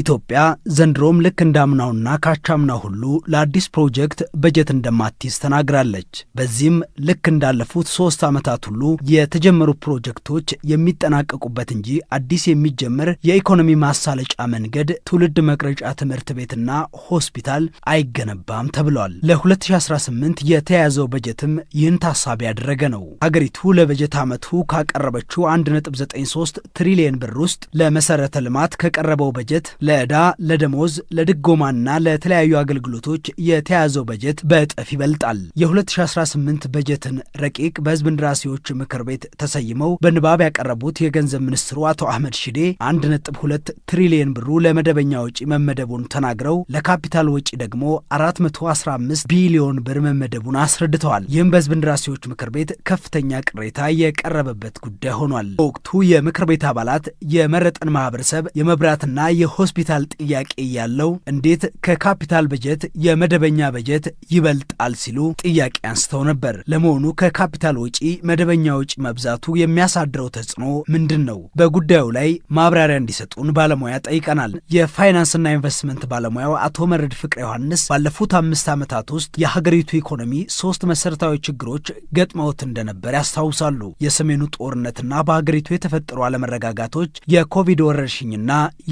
ኢትዮጵያ ዘንድሮም ልክ እንዳምናውና ካቻምና ሁሉ ለአዲስ ፕሮጀክት በጀት እንደማትይዝ ተናግራለች። በዚህም ልክ እንዳለፉት ሶስት ዓመታት ሁሉ የተጀመሩ ፕሮጀክቶች የሚጠናቀቁበት እንጂ አዲስ የሚጀምር የኢኮኖሚ ማሳለጫ መንገድ፣ ትውልድ መቅረጫ ትምህርት ቤትና ሆስፒታል አይገነባም ተብሏል። ለ2018 የተያያዘው በጀትም ይህን ታሳቢ ያደረገ ነው። ሀገሪቱ ለበጀት ዓመቱ ካቀረበችው 1.93 ትሪሊየን ብር ውስጥ ለመሰረተ ልማት ከቀረበው በጀት ለዕዳ፣ ለደሞዝ፣ ለድጎማና ለተለያዩ አገልግሎቶች የተያዘው በጀት በእጥፍ ይበልጣል። የ2018 በጀትን ረቂቅ በህዝብ እንደራሴዎች ምክር ቤት ተሰይመው በንባብ ያቀረቡት የገንዘብ ሚኒስትሩ አቶ አህመድ ሺዴ 1.2 ትሪሊየን ብሩ ለመደበኛ ወጪ መመደቡን ተናግረው ለካፒታል ወጪ ደግሞ 415 ቢሊዮን ብር መመደቡን አስረድተዋል። ይህም በህዝብ እንደራሴዎች ምክር ቤት ከፍተኛ ቅሬታ የቀረበበት ጉዳይ ሆኗል። በወቅቱ የምክር ቤት አባላት የመረጠን ማህበረሰብ የመብራትና የሆስ ሆስፒታል ጥያቄ ያለው እንዴት ከካፒታል በጀት የመደበኛ በጀት ይበልጣል ሲሉ ጥያቄ አንስተው ነበር። ለመሆኑ ከካፒታል ወጪ መደበኛ ወጪ መብዛቱ የሚያሳድረው ተጽዕኖ ምንድን ነው? በጉዳዩ ላይ ማብራሪያ እንዲሰጡን ባለሙያ ጠይቀናል። የፋይናንስና ኢንቨስትመንት ባለሙያው አቶ መረድ ፍቅረ ዮሐንስ ባለፉት አምስት ዓመታት ውስጥ የሀገሪቱ ኢኮኖሚ ሶስት መሰረታዊ ችግሮች ገጥመውት እንደነበር ያስታውሳሉ። የሰሜኑ ጦርነትና በሀገሪቱ የተፈጠሩ አለመረጋጋቶች፣ የኮቪድ ወረርሽኝና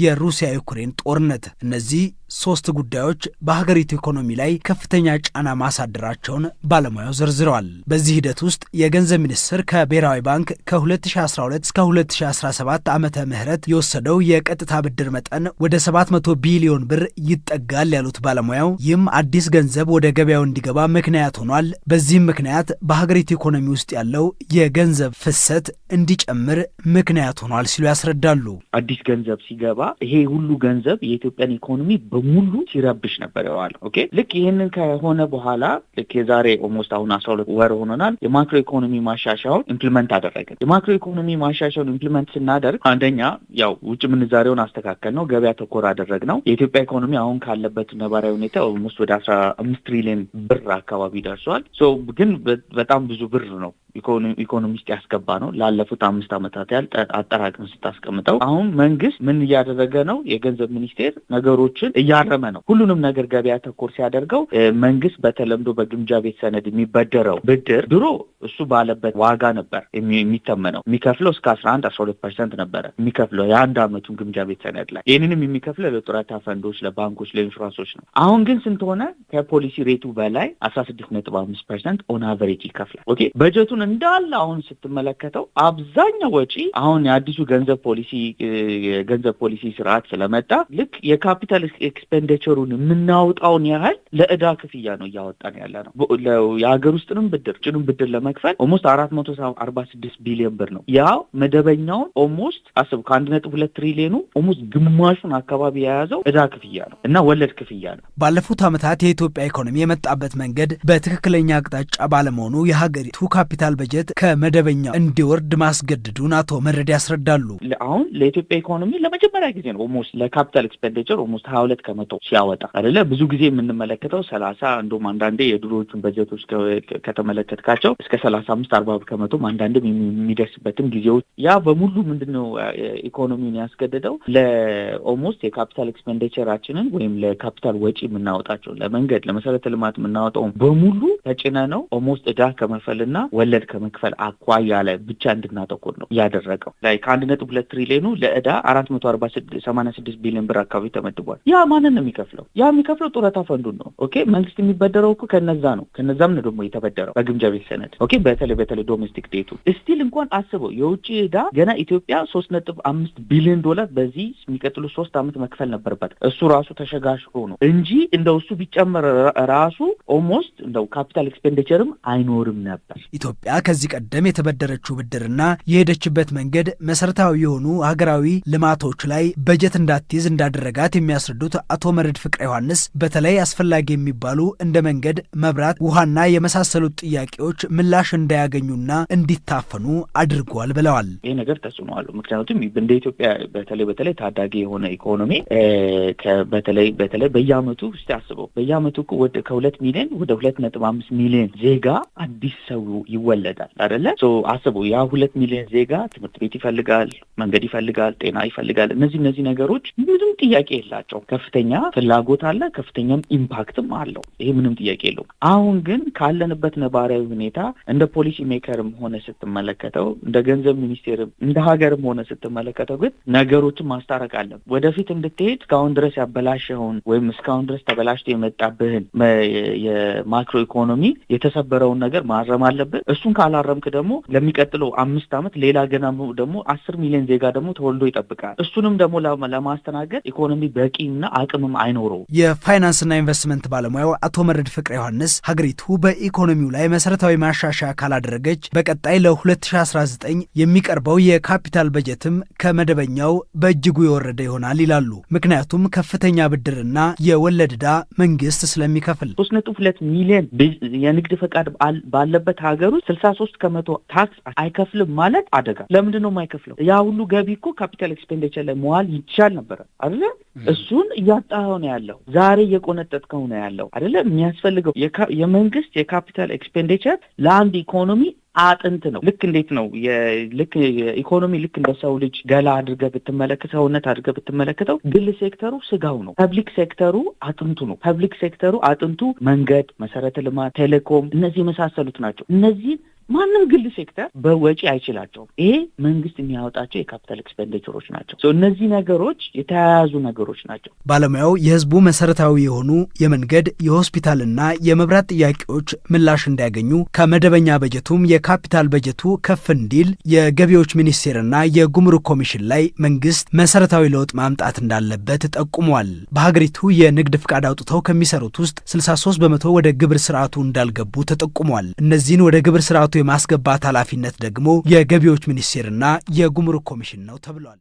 የሩሲያ የዩክሬን ጦርነት እነዚህ ሶስት ጉዳዮች በሀገሪቱ ኢኮኖሚ ላይ ከፍተኛ ጫና ማሳደራቸውን ባለሙያው ዘርዝረዋል። በዚህ ሂደት ውስጥ የገንዘብ ሚኒስቴር ከብሔራዊ ባንክ ከ2012 እስከ 2017 ዓመተ ምህረት የወሰደው የቀጥታ ብድር መጠን ወደ 700 ቢሊዮን ብር ይጠጋል ያሉት ባለሙያው ይህም አዲስ ገንዘብ ወደ ገበያው እንዲገባ ምክንያት ሆኗል። በዚህም ምክንያት በሀገሪቱ ኢኮኖሚ ውስጥ ያለው የገንዘብ ፍሰት እንዲጨምር ምክንያት ሆኗል ሲሉ ያስረዳሉ። አዲስ ገንዘብ ሲገባ ይሄ ሁሉ ገንዘብ የኢትዮጵያን ኢኮኖሚ በሙሉ ሲረብሽ ነበር የዋለው። ኦኬ ልክ ይህንን ከሆነ በኋላ ልክ የዛሬ ኦልሞስት አሁን አስራ ሁለት ወር ሆኖናል የማክሮ ኢኮኖሚ ማሻሻያውን ኢምፕሊመንት አደረግን። የማክሮ ኢኮኖሚ ማሻሻያውን ኢምፕሊመንት ስናደርግ አንደኛ ያው ውጭ ምንዛሬውን አስተካከል ነው፣ ገበያ ተኮር አደረግ ነው። የኢትዮጵያ ኢኮኖሚ አሁን ካለበት ነባራዊ ሁኔታ ኦልሞስት ወደ አስራ አምስት ትሪሊየን ብር አካባቢ ደርሷል። ግን በጣም ብዙ ብር ነው ኢኮኖሚ ያስገባ ነው። ላለፉት አምስት ዓመታት ያህል አጠራቅም ስታስቀምጠው አሁን መንግስት ምን እያደረገ ነው? የገንዘብ ሚኒስቴር ነገሮችን እያረመ ነው። ሁሉንም ነገር ገበያ ተኮር ሲያደርገው መንግስት በተለምዶ በግምጃ ቤት ሰነድ የሚበደረው ብድር ድሮ እሱ ባለበት ዋጋ ነበር የሚተመነው። የሚከፍለው እስከ አስራ አንድ አስራ ሁለት ፐርሰንት ነበረ የሚከፍለው የአንድ አመቱን ግምጃ ቤት ሰነድ ላይ። ይህንንም የሚከፍለው ለጡረታ ፈንዶች፣ ለባንኮች፣ ለኢንሹራንሶች ነው። አሁን ግን ስንት ሆነ? ከፖሊሲ ሬቱ በላይ አስራ ስድስት ነጥብ አምስት ፐርሰንት ኦን አቨሬጅ ይከፍላል። ኦኬ በጀቱን እንዳለ አሁን ስትመለከተው አብዛኛው ወጪ አሁን የአዲሱ ገንዘብ ፖሊሲ የገንዘብ ፖሊሲ ስርዓት ስለመጣ ልክ የካፒታል ኤክስፔንዲቸሩን የምናወጣውን ያህል ለእዳ ክፍያ ነው እያወጣን ያለ ነው። የሀገር ውስጥንም ብድር ጭንም ብድር ለመ በመክፈል ኦሞስት አራት መቶ አርባ ስድስት ቢሊዮን ብር ነው። ያው መደበኛውን ኦሞስት አስብ ከአንድ ነጥብ ሁለት ትሪሊዮኑ ኦሞስት ግማሹን አካባቢ የያዘው እዳ ክፍያ ነው እና ወለድ ክፍያ ነው። ባለፉት ዓመታት የኢትዮጵያ ኢኮኖሚ የመጣበት መንገድ በትክክለኛ አቅጣጫ ባለመሆኑ የሀገሪቱ ካፒታል በጀት ከመደበኛው እንዲወርድ ማስገድዱን አቶ መረድ ያስረዳሉ። አሁን ለኢትዮጵያ ኢኮኖሚ ለመጀመሪያ ጊዜ ነው ኦልሞስት ለካፒታል ኤክስፔንዲቸር ኦሞስት ሀያ ሁለት ከመቶ ሲያወጣ አደለ ብዙ ጊዜ የምንመለከተው ሰላሳ እንዲሁም አንዳንዴ የድሮዎቹን በጀቶች ከተመለከትካቸው እስከ ሰላሳ አምስት አርባ ከመቶም አንዳንድም የሚደርስበትም ጊዜዎች ያ በሙሉ ምንድን ነው ያስገደደው ለኦልሞስት የካፒታል ኤክስፔንዲቸራችንን ወይም ለካፒታል ወጪ የምናወጣቸው ለመንገድ ለመሰረተ ልማት የምናወጣው በሙሉ ተጭነ ነው ኦልሞስት እዳ ከመክፈልና ወለድ ከመክፈል አኳያ ላይ ብቻ እንድናተኩር ነው ያደረገው። ላይ ከአንድ ነጥብ ሁለት ትሪሊዮኑ ለእዳ አራት መቶ አርባ ሰማንያ ስድስት ቢሊዮን ብር አካባቢ ተመድቧል። ያ ማንን ነው የሚከፍለው? ያ የሚከፍለው ጡረታ ፈንዱን ነው። ኦኬ መንግስት የሚበደረው እኮ ከነዛ ነው። ከነዛም ነው ደግሞ የተበደረው በግምጃ ቤት ሰነድ ኦኬ በተለይ በተለይ ዶሜስቲክ ዴቱ ስቲል እንኳን አስበው የውጭ ዕዳ ገና ኢትዮጵያ ሶስት ነጥብ አምስት ቢሊዮን ዶላር በዚህ የሚቀጥሉ ሶስት ዓመት መክፈል ነበርበት። እሱ ራሱ ተሸጋሽሮ ነው እንጂ እንደው እሱ ቢጨመር ራሱ ኦልሞስት እንደው ካፒታል ኤክስፔንዲቸርም አይኖርም ነበር። ኢትዮጵያ ከዚህ ቀደም የተበደረችው ብድርና የሄደችበት መንገድ መሰረታዊ የሆኑ ሀገራዊ ልማቶች ላይ በጀት እንዳትይዝ እንዳደረጋት የሚያስረዱት አቶ መረድ ፍቅረ ዮሐንስ በተለይ አስፈላጊ የሚባሉ እንደ መንገድ፣ መብራት፣ ውሃና የመሳሰሉት ጥያቄዎች ምላ ምላሽ እንዳያገኙና እንዲታፈኑ አድርጓል ብለዋል። ይህ ነገር ተጽዕኖ አለው። ምክንያቱም እንደ ኢትዮጵያ በተለይ በተለይ ታዳጊ የሆነ ኢኮኖሚ በተለይ በተለይ በየአመቱ ውስጥ አስበው በየአመቱ ከሁለት ሚሊዮን ወደ ሁለት ነጥብ አምስት ሚሊዮን ዜጋ አዲስ ሰው ይወለዳል አደለ? አስበው ያ ሁለት ሚሊዮን ዜጋ ትምህርት ቤት ይፈልጋል፣ መንገድ ይፈልጋል፣ ጤና ይፈልጋል። እነዚህ እነዚህ ነገሮች ምንም ጥያቄ የላቸው። ከፍተኛ ፍላጎት አለ፣ ከፍተኛም ኢምፓክትም አለው። ይሄ ምንም ጥያቄ የለውም። አሁን ግን ካለንበት ነባራዊ ሁኔታ እንደ ፖሊሲ ሜከርም ሆነ ስትመለከተው እንደ ገንዘብ ሚኒስቴርም እንደ ሀገርም ሆነ ስትመለከተው ግን ነገሮችን ማስታረቅ አለ ወደፊት እንድትሄድ እስካሁን ድረስ ያበላሸውን ወይም እስካሁን ድረስ ተበላሽቶ የመጣብህን የማክሮ ኢኮኖሚ የተሰበረውን ነገር ማረም አለብን። እሱን ካላረምክ ደግሞ ለሚቀጥለው አምስት ዓመት ሌላ ገና ደግሞ አስር ሚሊዮን ዜጋ ደግሞ ተወልዶ ይጠብቃል። እሱንም ደግሞ ለማስተናገድ ኢኮኖሚ በቂና አቅምም አይኖረው። የፋይናንስና ኢንቨስትመንት ባለሙያው አቶ መረድ ፍቅረ ዮሐንስ ሀገሪቱ በኢኮኖሚው ላይ መሰረታዊ ማሻሻ ማሻሻያ ካላደረገች በቀጣይ ለ2019 የሚቀርበው የካፒታል በጀትም ከመደበኛው በእጅጉ የወረደ ይሆናል ይላሉ። ምክንያቱም ከፍተኛ ብድርና የወለድ ዕዳ መንግስት ስለሚከፍል። ሶስት ነጥብ ሁለት ሚሊዮን የንግድ ፈቃድ ባለበት ሀገር ውስጥ ስልሳ ሶስት ከመቶ ታክስ አይከፍልም ማለት አደጋ። ለምንድን ነው የማይከፍለው? ያ ሁሉ ገቢ እኮ ካፒታል ኤክስፔንዲቸር ላይ መዋል ይቻል ነበረ አይደለ? እሱን እያጣኸው ነው ያለው። ዛሬ እየቆነጠጥከው ነው ያለው አይደለ? የሚያስፈልገው የመንግስት የካፒታል ኤክስፔንዲቸር ለአ አንድ ኢኮኖሚ አጥንት ነው። ልክ እንዴት ነው ልክ ኢኮኖሚ ልክ እንደ ሰው ልጅ ገላ አድርገ ብትመለከት ሰውነት አድርገ ብትመለከተው ግል ሴክተሩ ስጋው ነው። ፐብሊክ ሴክተሩ አጥንቱ ነው። ፐብሊክ ሴክተሩ አጥንቱ መንገድ፣ መሰረተ ልማት፣ ቴሌኮም እነዚህ የመሳሰሉት ናቸው። እነዚህን ማንም ግል ሴክተር በወጪ አይችላቸውም። ይሄ መንግስት የሚያወጣቸው የካፒታል ኤክስፔንዲቸሮች ናቸው። እነዚህ ነገሮች የተያያዙ ነገሮች ናቸው። ባለሙያው የህዝቡ መሰረታዊ የሆኑ የመንገድ የሆስፒታልና የመብራት ጥያቄዎች ምላሽ እንዲያገኙ ከመደበኛ በጀቱም የካፒታል በጀቱ ከፍ እንዲል የገቢዎች ሚኒስቴርና የጉምሩክ ኮሚሽን ላይ መንግስት መሰረታዊ ለውጥ ማምጣት እንዳለበት ጠቁሟል። በሀገሪቱ የንግድ ፍቃድ አውጥተው ከሚሰሩት ውስጥ 63 በመቶ ወደ ግብር ስርዓቱ እንዳልገቡ ተጠቁሟል። እነዚህን ወደ ግብር ስርዓቱ የማስገባት ኃላፊነት ደግሞ የገቢዎች ሚኒስቴርና የጉምሩክ ኮሚሽን ነው ተብሏል።